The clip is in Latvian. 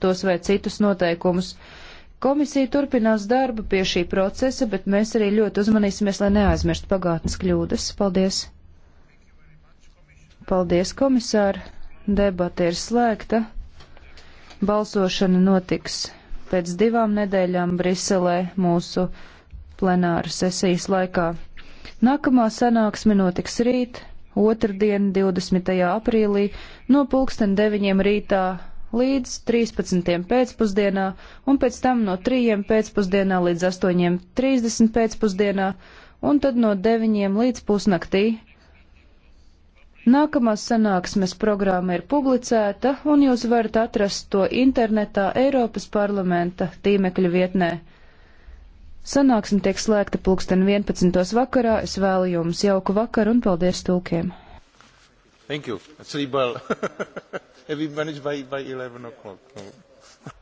tos vai citus noteikumus. Komisija turpinās darbu pie šī procesa, bet mēs arī ļoti uzmanīsimies, lai neaizmirst pagātnes kļūdas. Paldies! Paldies, komisāri! Debata ir slēgta. Balsošana notiks pēc divām nedēļām Briselē mūsu plenāra sesijas laikā. Nākamā sanāksme notiks rīt, otrdien, 20. aprīlī, no pulksten 9. rītā līdz 13. pēcpusdienā un pēc tam no 3. pēcpusdienā līdz 8.30 pēcpusdienā un tad no 9. līdz pusnaktī. Nākamās sanāksmes programma ir publicēta, un jūs varat atrast to internetā Eiropas parlamenta tīmekļa vietnē. Sanāksme tiek slēgta pulksten 11. vakarā. Es vēlu jums jauku vakaru un paldies tulkiem! Thank you. Actually, well, have we managed by, by 11 o'clock? No.